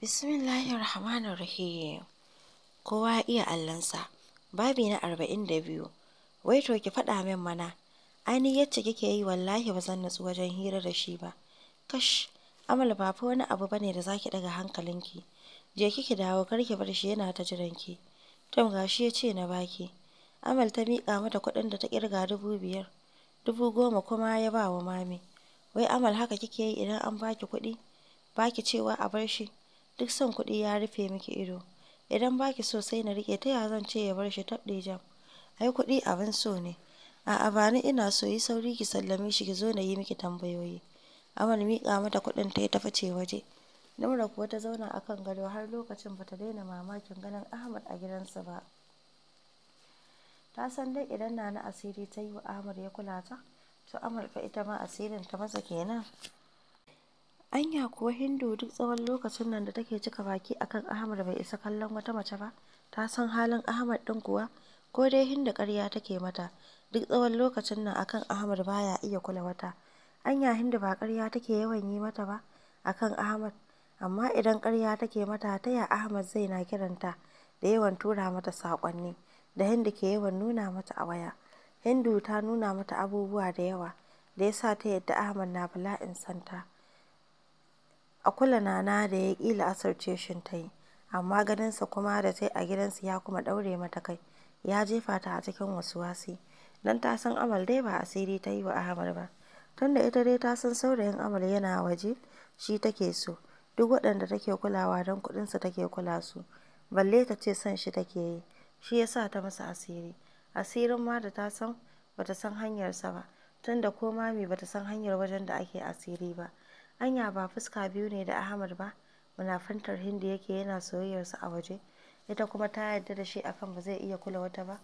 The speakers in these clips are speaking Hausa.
Bismillahir Rahmanir Rahim. Kowa iya allansa. Babi na arba'in da biyu. Wai to ki faɗa min mana, ani yacce kike yi wallahi ba zan natsu wajen hira da shi ba. Kash, Amal ba fa wani abu bane da zaki daga hankalinki. Je kike dawo kar ki bar shi yana ta jiranki. ki. Tom gashi ya ce na baki. Amal ta miƙa mata kuɗin da ta kirga dubu biyar. Dubu goma kuma ya ba wa mami. Wai Amal haka kike yi idan an baki kuɗi? Baki cewa a bar shi. duk son kuɗi ya rufe miki ido idan baki ki so sai na riƙe ta ya zan ce ya bar shi tabɗe jam ai kuɗi abin so ne a'a bani ina so yi sauri ki sallame shi ki zo na yi miki tambayoyi amal miƙa mata kuɗin ta ya tafi ce waje Namra kuwa ta zauna a kan gado har lokacin ba ta daina mamakin ganin Ahmad a gidansa ba. Ta san dai idan na na asiri ta yi wa Ahmad ya kula ta, to amal fa ita ma asirin ta masa kenan. Anya kuwa Hindu duk tsawon lokacin nan da take cika baki akan Ahmad bai isa kallon wata mace ba, ta san halin Ahmad ɗin kuwa, ko dai Hindu ƙarya take mata, duk tsawon lokacin nan akan Ahmad baya iya kula wata. Anya Hindu ba ƙarya take yawan yi mata ba akan Ahmad, amma idan ƙarya take mata ta ya Ahmad zai na kiranta da yawan tura mata saƙonni da Hindu ke yawan nuna mata a waya. Hindu ta nuna mata abubuwa da yawa da ya sa ta yadda Ahmad na bala'in santa. A kula Nana da ya ƙi la'asar shin ta yi, amma ganinsa kuma da sai a gidansu ya kuma ɗaure mata kai, ya jefa ta a cikin wasi. Dan ta san Amal dai ba asiri ta yi wa ahamar ba, tunda ita dai ta san saurayin Amal yana waje, shi take so, duk waɗanda take kulawa don kuɗinsa take kula su, balle ta ce son shi take yi, shi ya sa ta masa asiri, asirin ma da ta san ba ta san hanyarsa ba, tunda ko Mami bata san hanyar wajen da ake asiri ba. Anya ba fuska biyu ne da Ahmad ba, munafuntar Hindu yake yana soyayyarsa a waje, ita kuma ta yarda da shi akan ba zai iya kula wata ba.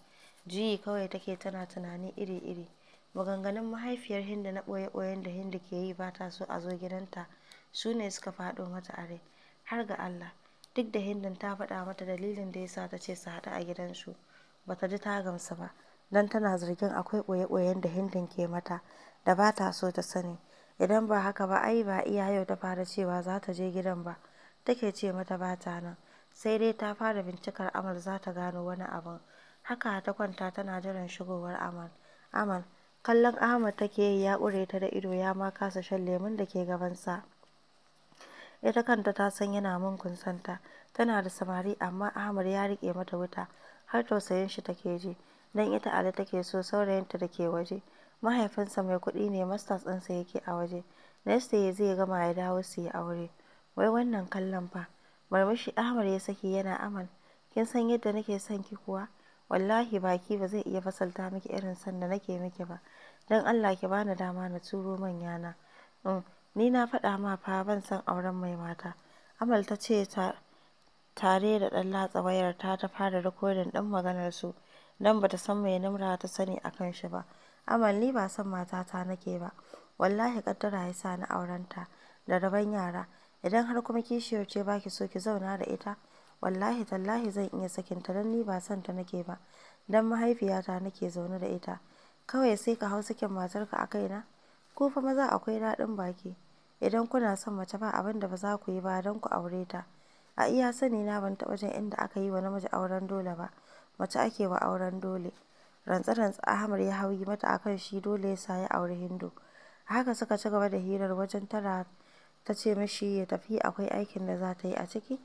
Juyi kawai take tana tunani iri-iri. Maganganun mahaifiyar Hindu na ɓoye boyen da Hindu ke yi ba ta so a zo gidanta su ne suka faɗo mata a rai. Har ga Allah, duk da Hindun ta faɗa mata dalilin da yasa ta ce su haɗu a gidansu, ba ta ji ta gamsu ba, don tana zargin akwai ɓoye boyen da Hindun ke mata da ba ta so ta sani. Idan ba haka ba ai ba iya yau ta fara cewa za ta je gidan ba, take ce mata ba ta nan, sai dai ta fara bincikar Amal za ta gano wani abun. Haka ta kwanta tana jiran shigowar Amal. Amal, kallon Ahmad take yi ya ƙure ta da ido ya ma kasa shan lemun da ke gabansa. Ita kanta ta san yana mun kunsanta tana da samari amma Ahmad ya riƙe mata wuta, har tausayin shi take ji, dan ita Ali take so saurayinta da ke waje. Mahaifinsa mai kuɗi ne, masters ɗinsa yake a waje, nesta ya zai gama ya dawo su yi aure. Wai wannan kallon fa! Murmushi Ahmad ya saki yana aman, kin san yadda nake son ki kuwa? Wallahi baki ba zai iya fasalta miki irin sanda da nake miki ba. Don Allah ki bani dama na turo manyana. Um, mm, ni na faɗa ma fa ban san auren mai mata. Amal ta ce ta tare da ɗan latsa wayarta ta fara rikodin ɗin maganar su ba bata san mai namra ta sani akan shi ba. Amal ni ba son matata nake ba. Wallahi kaddara ya sa ni auren ta da rabon yara. Idan har kuma kishiyar ce ba ki so ki zauna da ita, wallahi tallahi zan iya sakin ta dan ni ba san ta nake ba. Dan mahaifiyata nake zaune da ita. Kawai sai ka hau sakin matarka akai na ko fa maza akwai daɗin baki. Idan kuna son mace ba abin da ba za ku yi ba dan ku aure ta. A iya sani na ban taɓa jin inda aka yi wa namiji auren dole ba. Mace ake wa auren dole. Rantse-rantsen Ahmad ya hau yi mata akan shi dole ya sayi aure Hindu, a haka suka ci gaba da hirar wajen tara ta ce mishi ya tafi akwai aikin da za ta yi a ciki,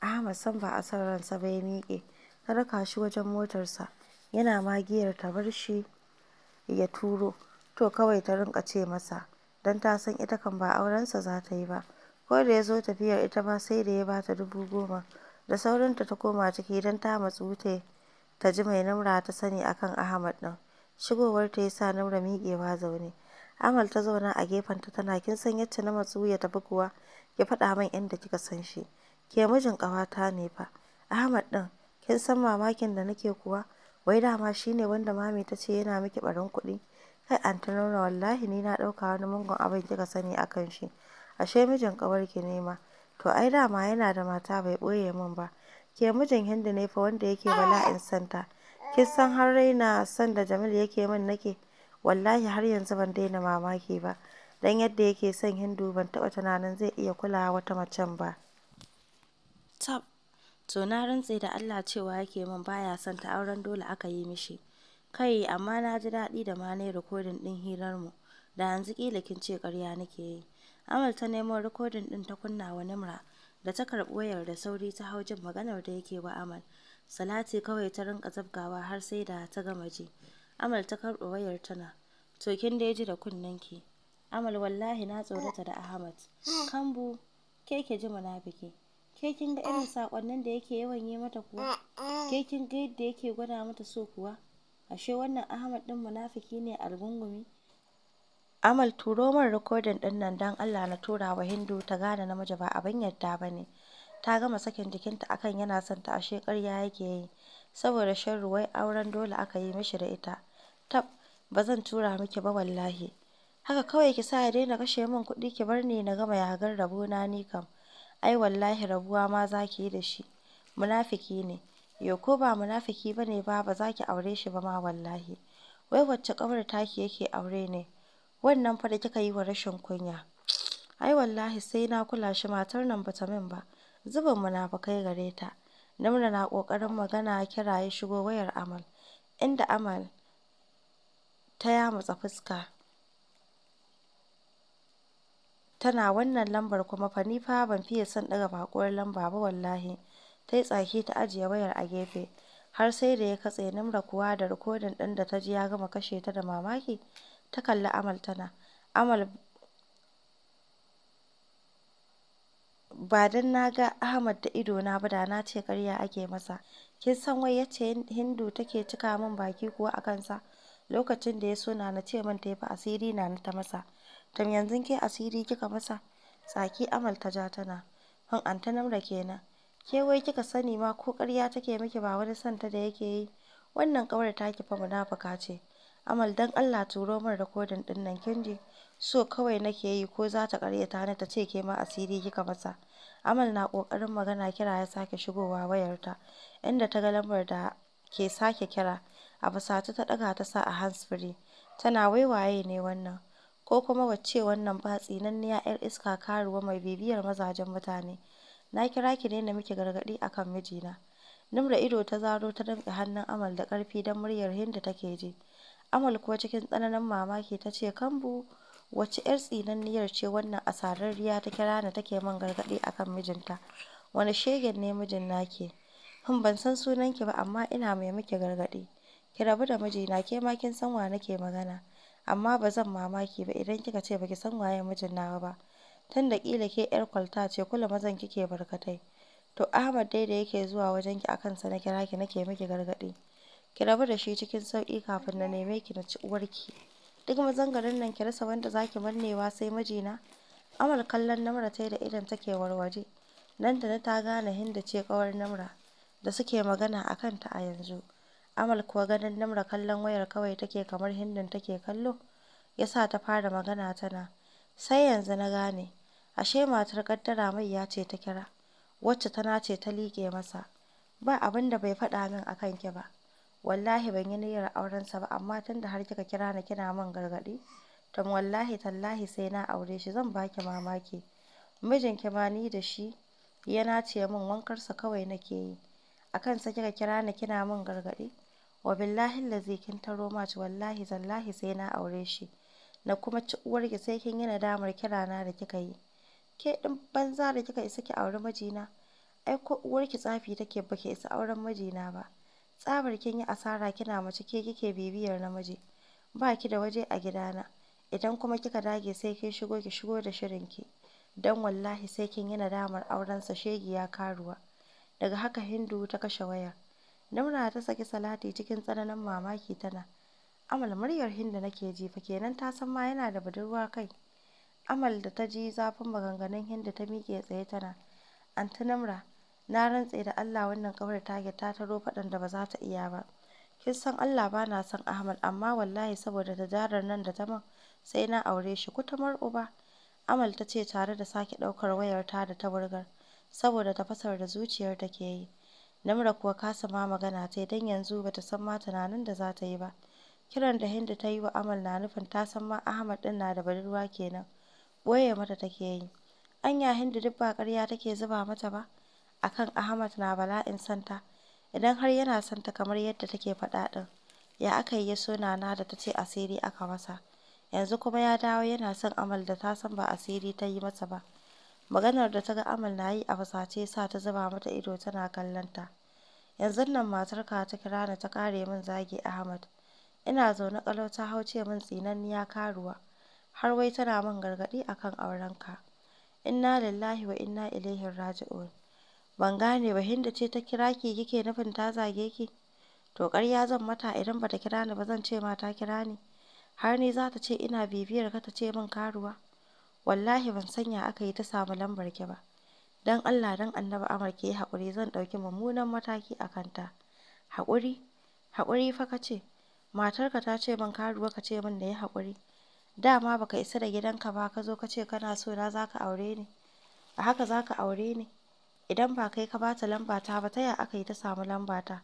Ahmad san ba a san ransa ba ya miƙe, ta raka shi wajen motarsa, yana magiyar ta bar shi ya turo, to kawai ta rinka ce masa, don ta san ita kan ba aurensa za ta yi ba, ko da ya zo tafiyar ita ma sai da ya ba ta dubu goma, da saurinta ta koma ciki don ta matsu ta ta ji mai Namra ta sani akan Ahmad ɗin. Shigowarta ya sa Namra miƙewa zaune. Amal ta zauna a gefen ta tana kin san yadda na matsu ya tafi kuwa ki faɗa min inda kika san shi. Ke mijin ƙawata ne fa. Ahmad ɗin kin san mamakin da nake kuwa wai dama shine wanda mami ta ce yana miki barin kuɗi. Kai ta nuna wallahi ni na ɗauka wani mungon abin kika sani akan shi. Ashe mijin ƙawarki ne ma. To ai dama yana da mata bai ɓoye min ba. Ke mijin Hindu ne fa wanda yake bala'in santa kin san har raina san da Jamil yake min nake, wallahi har yanzu ban daina mamaki ba, dan yadda yake son Hindu ban taba tunanin zai iya kulawa wata macen ba. Tab! To na rantse da Allah cewa yake min baya son ta auren dole aka yi mishi. Kai amma na ji daɗi da ma nayi rikodin ɗin mu da yanzu kila kin ce ƙarya nake yi. Amal ta nemo rikodin ɗin ta kunna wa Nimra da ta karɓi wayar da sauri ta hau jin maganar da yake wa Amal. Salati kawai ta rinka zabgawa har sai da ta gama ji. Amal ta karɓi wayar tana, to kin da ji da kunnen ki Amal wallahi na tsorata da Ahmad. Kambu, ke ke ji munafuki. Ke kin ga irin sakonnin da yake yawan yi mata kuwa? Ke kin ga yadda yake gwada mata so kuwa? Ashe wannan Ahmad din munafiki ne algungumi? Amal turo rikodin ɗin nan don Allah na tura wa Hindu ta gane namiji ba abin yadda ba ne, ta gama sakin jikinta akan yana son ta ashe ƙarya yake yi, saboda shan wai auren dole aka yi mishi da ita, tab ba zan tura miki ba wallahi, haka kawai ki sa ya daina kashe min kuɗi ki bar ni na gama yagar na ni kam, ai wallahi rabuwa ma za ki yi da shi, Munafiki ne, yo ko ba munafiki ba ne ba ba za ki aure shi ba ma wallahi, wai wacce ƙawar taki yake aure ne? Wannan fa da kika yi wa rashin kunya, ai wallahi sai na kula shi matar nan bata min ba, zubin munafukai gare ta. Namra na ƙoƙarin magana kira ya shigo wayar Amal, inda Amal ta yamutsa fuska tana wannan lambar kuma fa ni fa ban fiye son ɗaga bakuwar lamba ba wallahi. Ta yi tsaki ta ajiye wayar a gefe, har sai da ya katse Namra kuwa da rikodin ɗin da ta ji ya gama kashe ta da mamaki. ta kalli Amal tana, Amal ba dan na ga Ahmad da ido na ba da na ce ƙarya ake masa. Kin san wai yace Hindu take cika min baki kuwa a kansa lokacin da ya so na ce min ta yi fa asiri na ta masa. Tam yanzu ke asiri kika masa. Tsaki Amal ta ja tana. Hun ta da kenan. Ke wai kika sani ma ko ƙarya take miki ba wani santa da yake yi. Wannan ta ki fa munafuka ce. Amal don Allah turo min rikodin ɗin nan kin so kawai nake yi ko za ta ta ni ta ce ke ma asiri kika masa. Amal na ƙoƙarin magana kira ya sake shigowa wayarta, inda ta ga lambar da ke sake kira. A basatu ta ɗaga ta sa a hands-free, tana waiwaye ne wannan? Ko kuma wacce wannan ba tsinanniya 'yar iska karuwa mai bibiyar mazajen mutane? Na kira ki ne na miki gargadi akan mijina. nimra ido ta zaro ta damƙe hannun Amal da ƙarfi don muryar Hindu take ji. Amal kuwa cikin tsananin mamaki ta ce, kambu wace 'yar tsinanniyar ce wannan asararriya ta kira ni take man gargaɗi a kan mijinta? Wani shegen ne mijin nake Hun ban san sunanki ba amma ina mai muke gargaɗi. Ki rabu da mijina ke ma kin san wa nake magana. Amma ba zan mamaki ba idan kika ce baki san waye mijin nawa ba. Tunda kila ke 'yar kwalta ce kula mazan kike barkatai. To Ahmad dai da yake zuwa wajenki a kansa na kira ki nake miki gargaɗi. ki rabu da shi cikin sauƙi kafin na neme ki na ci uwarki. Duk mazan nan ki rasa wanda za ki mannewa sai mijina. Amal kallon Namra ta da idan take warware. Nan da na ta gane Hinda ce ƙawar Namra da suke magana a kanta a yanzu. Amal kuwa ganin Namra kallon wayar kawai take kamar Hindin take kallo. yasa ta fara magana tana. Sai yanzu na gane. Ashe matar kaddara mai ya ce ta kira. Wacce tana ce ta liƙe masa. Ba abinda bai faɗa min a ki ba. Wallahi ban yi niyyar aurensa ba amma da har kika kira ni kina min gargaɗi, to wallahi tallahi sai na aure shi zan baki mamaki. Mijinki ma ni da shi ya nace min wankarsa kawai nake yi. akan kansa kika kira ni kina min gargaɗi? Wa billahi lazi kin taro ci wallahi tallahi sai na aure shi. Na kuma ci uwar ki, sai kin yi nadamar na da kika yi. Ke ɗin banza da kika isa ki auri mijina? Ai ko uwar ki tsafi take baki isa auren mijina ba. Tsabar kin yi asara kina mace ke kike bibiyar namiji, ba ki da waje a gidana, idan kuma kika dage sai kin shigo ki shigo da shirin ki. dan wallahi sai kin yi nadamar shegi ya karuwa. Daga haka Hindu ta kashe wayar. Namra ta saki Salati cikin tsananin mamaki tana, Amal muryar Hindu nake ji fa kenan ta san ma yana da budurwa kai. Amal da ta ji zafin maganganun Hindu ta miƙe tsaye tana, Anti Namra Na rantse da Allah wannan ƙawar taget ta taro faɗan da ba za ta iya ba. Kin san Allah ba na son Ahmad amma wallahi saboda jarar nan da ta man sai na aure shi kutumar uba. Amal ta ce tare da sake ɗaukar wayar ta da ta wurgar saboda tafasar da zuciyar ta ke yi. Namra kuwa kasa ma magana ta dan yanzu bata san ma tunanin da za ta yi ba. Kiran da Hindu ta yi wa Amal na nufin ta san ma Ahmad din na da budurwa kenan. Boye mata take yi. Anya Hindu duk ba ƙarya take zuba mata ba. akan Ahmad na bala'in santa idan har yana santa kamar yadda take faɗa ɗin ya aka yi ya so Nana da ta ce asiri aka masa yanzu kuma ya dawo yana son Amal da ta san ba asiri ta yi masa ba maganar da ta ga Amal na yi a fasace sa ta zuba mata ido tana kallon ta yanzu nan matarka ta kira ni ta kare min zagi Ahmad ina zaune kalau ta hauce min tsinanniya karuwa har wai tana min gargaɗi akan aurenka inna lillahi wa inna ilaihi raji'un Ban gane ba, Hinda ce ta kira ki kike nufin ta zage ki? To ƙarya zan mata idan bata kira ni ba zan ce ma ta kira ni. Har ni za ta ce ina bibiyar ka ta ce min karuwa. Wallahi ban sanya aka yi ta samu lambar ki ba. Dan Allah dan Annabi Amar ki yi haƙuri zan ɗauki mummunan mataki a kanta. Haƙuri? Haƙuri fa ka ce. Matarka ta ce min karuwa ka ce min da yi haƙuri. Dama baka isa da gidanka ba ka zo ka ce kana so na za ka aure ni. A haka za ka aure ni. idan ba kai ka bata lambata ba ta ya aka yi ta samu lamba ta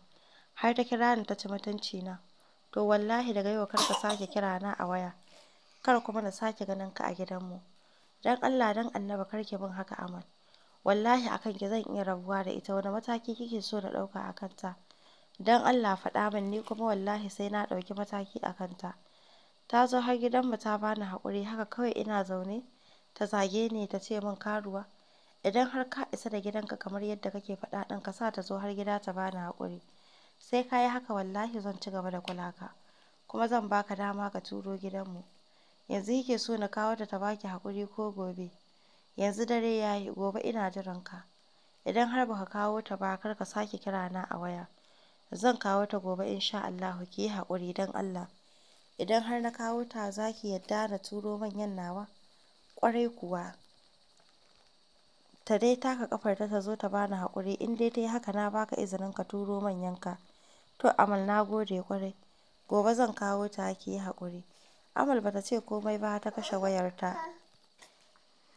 har ta kira ni ta ci mutunci na to wallahi daga yau kar ka sake kira na a waya kar kuma na sake ganin ka a gidanmu dan Allah dan annaba kar ki bin haka amal wallahi akan ki zan iya rabuwa da ita wani mataki kike so na dauka akan ta dan Allah faɗa min ni kuma wallahi sai na dauki mataki akan ta ta zo har gidanmu ta bani hakuri haka kawai ina zaune ta zage ni ta ce min karuwa idan har ka isa da gidanka kamar yadda kake faɗa ɗin ka sa ta zo har gida ta bani haƙuri sai ka yi haka wallahi zan ci gaba da kula ka kuma zan baka dama ka turo gidanmu yanzu kike so na kawo ta ta baki haƙuri ko gobe yanzu dare ya yi gobe ina jiran ka idan har baka kawo ta ba kar ka sake kira na a waya zan kawo ta gobe insha Allah ki yi haƙuri don Allah idan har na kawo ta za ki yadda na turo manyan nawa ƙwarai kuwa ta dai taka kafarta ta zo ta bani haƙuri, in dai ta yi haka na baka izinin ka turo manyanka. To Amal na gode kwarai gobe zan kawo ta ki yi haƙuri. Amal bata ce komai ba ta kashe wayarta.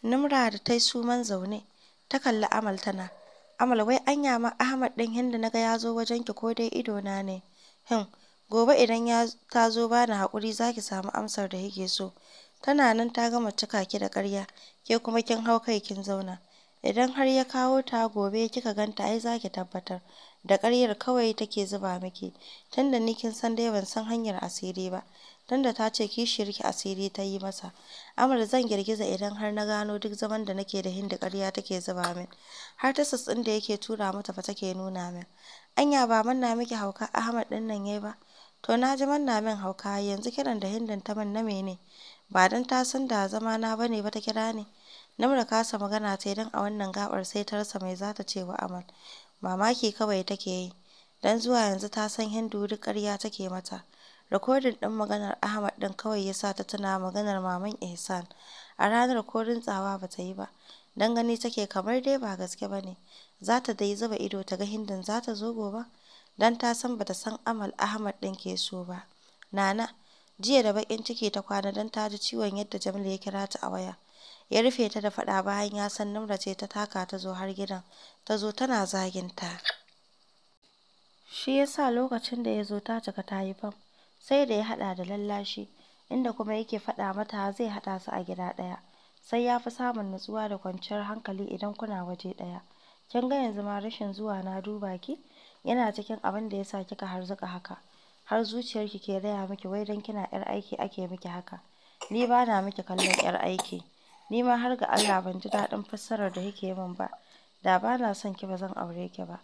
Numra da ta yi suman zaune, ta kalli Amal tana, Amal wai anya ma Ahmad ɗin hinda na ga wajen ki ko dai ido na ne. Hin, gobe idan ya ta zo bani haƙuri zaki samu amsar da kike so. Tana nan ta gama cika ki da ƙarya, ke kuma kin hau kai kin zauna. Idan har ya kawo ta gobe kika ganta ai zaki tabbatar, da ƙaryar kawai take zuba miki, tunda ni kin san dai ban san hanyar asiri ba, tunda ta ce kishiyarki asiri ta yi masa. Amar zan girgiza idan har na gano duk zaman da nake da Hindu ƙarya take zuba min, har ta ɗin da yake tura mata fa take nuna min. Anya ba manna miki hauka Ahmad din nan yayi ba? To na ji manna min hauka yanzu kiran da Hindun ta min na mene? Ba dan ta san da zama na bane ba ta kira ni. Namra kasa magana ta idan a wannan gabar sai ta rasa mai zata ce wa Amal. Mamaki kawai take yi, dan zuwa yanzu ta san Hindu duk ƙarya take mata. Rikodin ɗin maganar Ahmad ɗin kawai ya sa ta tuna maganar Maman Ihsan. A ranar ko rintsawa ba ta yi ba, dan gani take kamar dai ba gaske ba ne. Za ta dai zuba ido ta ga Hindun zata zo gobe, dan ta san bata san Amal Ahmad ɗin ke so ba. Nana, jiya da bakin ciki ta kwana don ta ji ciwon yadda Jamilu ya kira ta a waya. ya rufe ta da faɗa bayan ya san Nimra ce ta taka ta zo har gidan ta zo tana zaginta. ta shi yasa lokacin da ya zo ta cika ta yi fam sai da ya haɗa da lallashi inda kuma yake faɗa mata zai haɗa su a gida ɗaya sai ya fi samun nutsuwa da kwanciyar hankali idan kuna waje ɗaya kin ga yanzu ma rashin zuwa na duba ki yana cikin abin da yasa kika harzuka haka har zuciyarki ke raya miki wai dan kina yar aiki ake miki haka ni ba na miki kallon yar aiki Ni ma har ga Allah ban ji daɗin fassarar da yake min ba, da ba na son ki ba zan aure ki ba.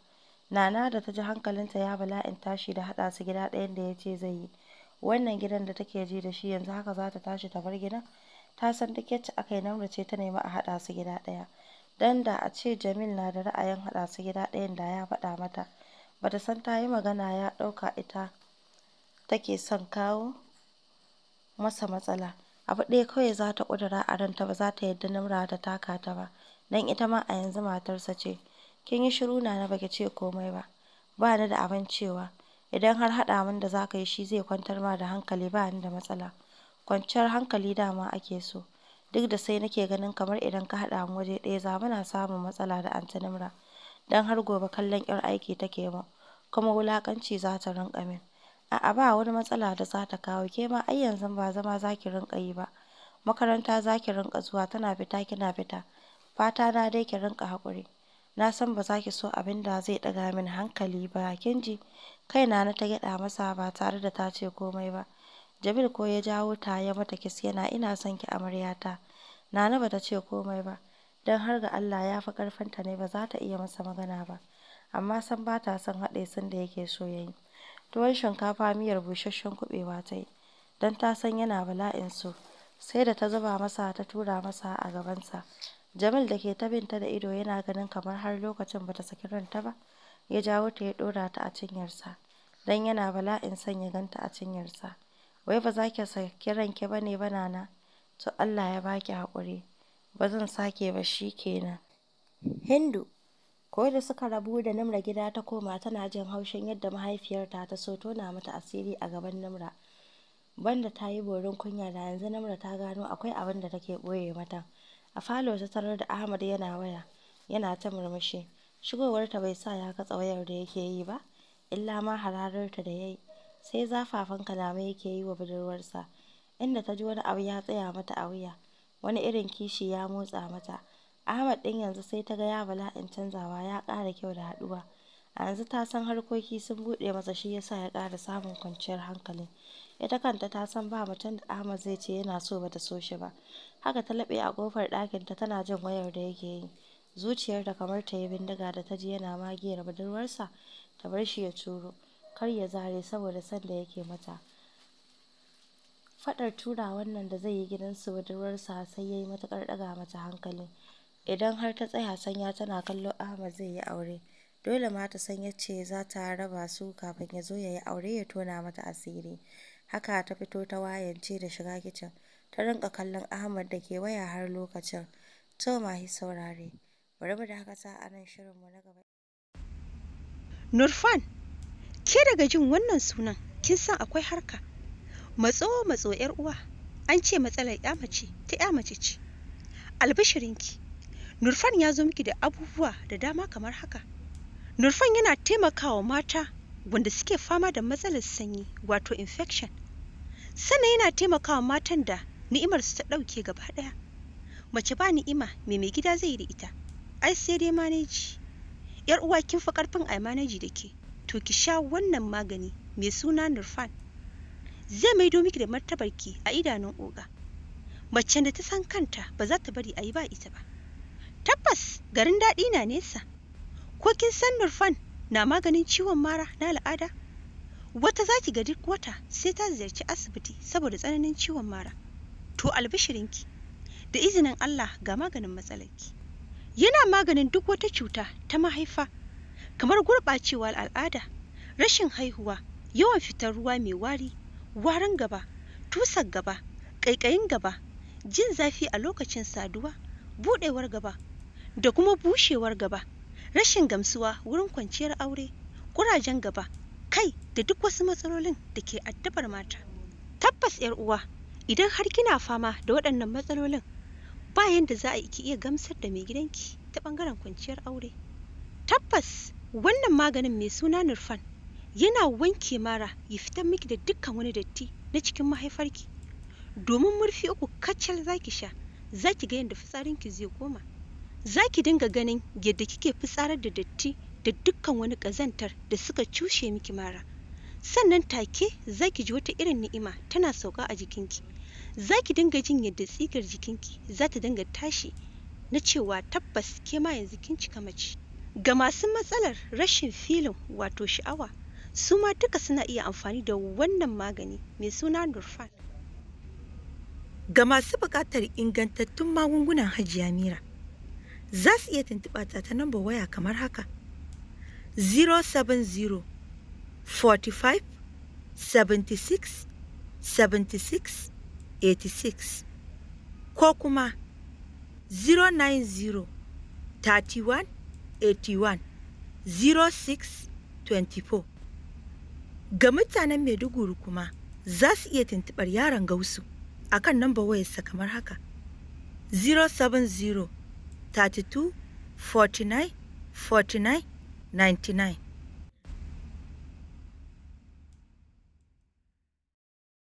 Nana da ta ji hankalinta ya bala'in tashi da haɗa su gida ɗayan da ya ce zai yi. Wannan gidan da take ji da shi yanzu haka za ta tashi ta bar gidan. Ta san duk yacce aka yi Namra ce ta nemi a haɗa su gida ɗaya. Dan da a ce Jamil na da ra'ayin haɗa su gida ɗayan da ya faɗa mata. Bata san ta yi magana ya ɗauka ita take son kawo masa matsala. Abu ɗaya kawai za ta ƙudura a ranta ba za ta yarda namura ta taka ta ba, don ita ma a yanzu matarsa ce. Kin yi shiru na na baki ce komai ba. Ba ni da abin cewa. Idan har haɗa min da za ka yi shi zai kwantar ma da hankali ba ni da matsala. Kwanciyar hankali dama ake so. Duk da sai nake ganin kamar idan ka haɗa mu waje ɗaya za muna samun matsala da anta namura Don har gobe kallon 'yar aiki take mu kuma wulakanci za ta rinƙa min. A'a ba wani matsala da za ta kawo, ke ma ai yanzu ba zama za ki rinƙa yi ba, makaranta za ki rinƙa zuwa tana fita kina fita. Fata na dai ki rinka haƙuri. Na san ba za ki so abin da zai ɗaga min hankali ba, kin ji? Kai na ta gyaɗa masa ba tare da ta ce komai ba. Jamil ko ya jawo ta ya mata kiss yana ina son ki amaryata. Nana ba ta ce komai ba, don har ga Allah ya fi ƙarfinta ne ba za ta iya masa magana ba. Amma san ba ta son haɗe sun da yake so ya yi. Tuwon shinkafa miyar busasshen kuɓewa ta yi, don ta san yana bala'in so, sai da ta zuba masa ta tura masa a gabansa. Jamil da ke ta binta da ido yana ganin kamar har lokacin ba ta saki ranta ba, ya jawo ta ya ɗora ta a cinyarsa, don yana bala'in son ya ganta a cinyarsa. Wai ba za ki saki ranke ba ne ba na? To Allah ya baki hakuri haƙuri, ba zan sake ba shi kenan. Hindu Ko da suka rabu da namra gida ta koma tana jin haushin yadda mahaifiyarta ta so tona mata asiri a gaban namra Banda ta yi borin kunya da yanzu namra ta gano akwai abin da take ɓoye mata. A falo ta tarar da Ahmad yana waya, yana ta murmushi. Shigowarta bai sa ya katsa wayar da yake yi ba, illa ma hararta da yayi Sai zafafan kalamai yake yi wa budurwarsa, inda ta ji wani abu ya tsaya mata a wuya, wani irin kishi ya motsa mata. Ahmad ɗin yanzu sai ta ga ya bala'in canzawa ya ƙara kyau da haɗuwa. A yanzu ta san harkoki sun buɗe masa shi yasa ya ƙara samun kwanciyar hankali. Ita kanta ta san ba mutum da Ahmad zai ce yana so bata so shi ba. Haka ta laɓe a ƙofar ɗakinta tana jin wayar da yake yi. Zuciyar da kamar ta yi bindiga da ta ji yana magiyar budurwarsa ta bar shi ya turo. Kar ya zare saboda son da yake mata. Faɗar tura wannan da zai yi gidansu budurwarsa sai ya yi matuƙar ɗaga mata hankali. Idan har ta tsaya Sanya tana kallo Ahmad zai yi aure, dole ma ta san yacce za ta raba su kafin ya zo ya yi aure ya tona mata asiri. Haka ta fito ta wayance da shiga kicin, ta rinƙa kallon Ahmad da ke waya har lokacin. To masu saurare, bari mu sa a nan shirinmu na gaba. Nurfan, ke daga jin wannan sunan kin san akwai harka. Matso matso 'yar uwa, an ce matsalar 'ya mace ta 'ya mace ce. Albishirinki. Nurfan ya zo miki da abubuwa da dama kamar haka. Nurfan yana taimakawa mata wanda suke fama da matsalar sanyi wato infection. Sannan yana taimakawa matan da ni'imarsu ta ɗauke gaba ɗaya. Mace ba ni'ima me mai gida zai yi da ita. Ai sai dai maneji. Yar uwa kin fi ƙarfin ai maneji da ke. To ki sha wannan magani mai suna Nurfan. Zai maido miki da martabarki a idanun oga. Macen da ta san kanta ba za ta bari a yi ba ita ba. tabbas garin daɗi na nesa ko kin san nurfan na maganin ciwon mara na al'ada wata za ki ga duk wata sai ta ziyarci asibiti saboda tsananin ciwon mara to albishirinki da izinin allah ga maganin matsalarki yana maganin duk wata cuta ta mahaifa kamar gurɓacewar al'ada rashin haihuwa yawan fitar ruwa mai wari warin gaba tusar gaba ƙaiƙayin gaba jin zafi a lokacin saduwa buɗewar gaba da kuma bushewar gaba rashin gamsuwa wurin kwanciyar aure ƙurajen gaba kai da duk wasu matsalolin da ke addabar mata tabbas yar uwa idan har kina fama da waɗannan matsalolin ba yanda za a ki iya gamsar da mai gidanki ta ɓangaren kwanciyar aure tabbas wannan maganin mai suna nurfan yana wanke mara ya fitar miki da dukkan wani datti na cikin mahaifarki domin murfi uku kacal zaki sha zaki ga yadda fitsarinki zai koma za ki dinga ganin yadda kike fitsarar da datti da dukkan wani ƙazantar da suka cushe miki mara sannan take za ki ji wata irin ni'ima tana sauka a jikinki za ki dinga jin yadda tsigar jikinki za ta dinga tashi na cewa tabbas ke ma yanzu kin cika mace ga masu matsalar rashin filin wato sha'awa su ma duka suna iya amfani da wannan magani mai suna Nurfan. Ga masu buƙatar ingantattun magungunan hajiya mira, za su iya tuntuɓa ta ta waya kamar haka 070 45 76 76 86 ko kuma 090 31 81 06 24 ga mutanen maiduguri kuma za su iya tuntuɓar yaron gausu akan nambar wayarsa kamar haka 070 32, 49, 49, 99.